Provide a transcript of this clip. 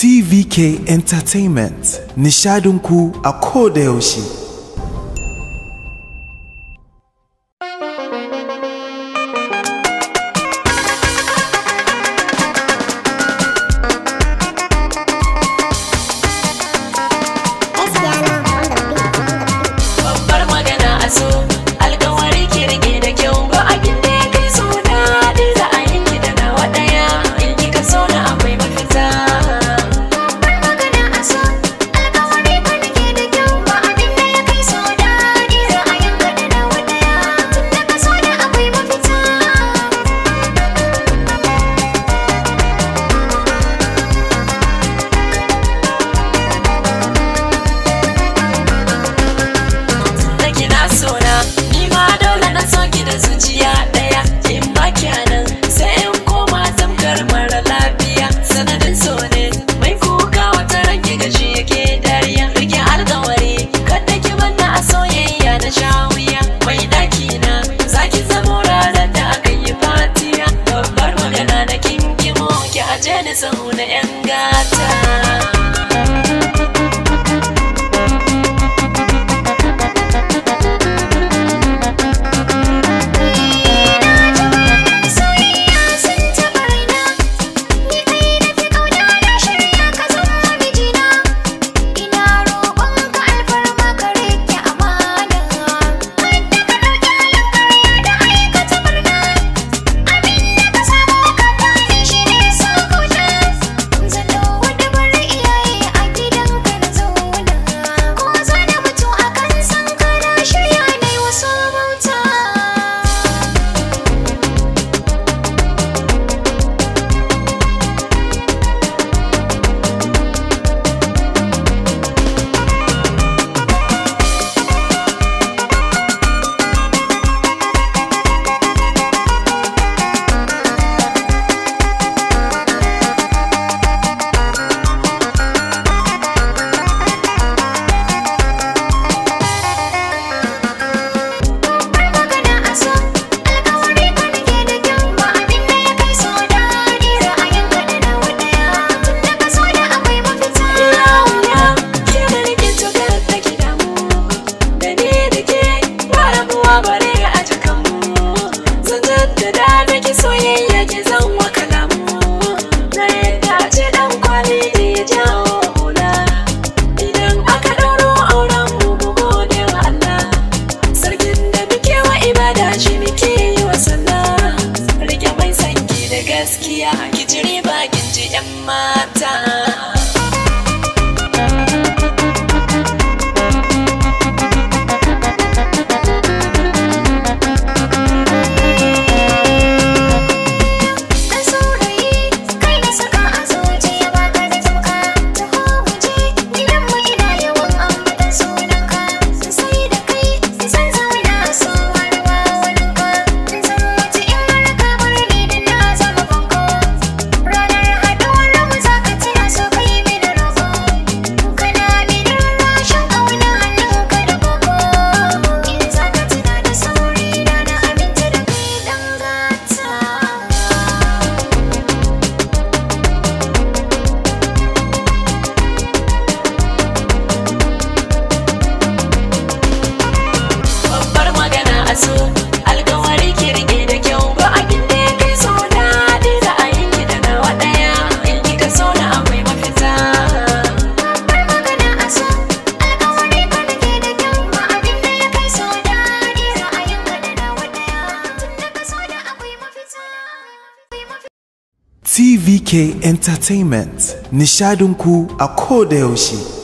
CVK Entertainment, nishadunku a yaushe. je ni zauna 'yan gata. time. TVK Entertainment, nishadunku a koda yaushe.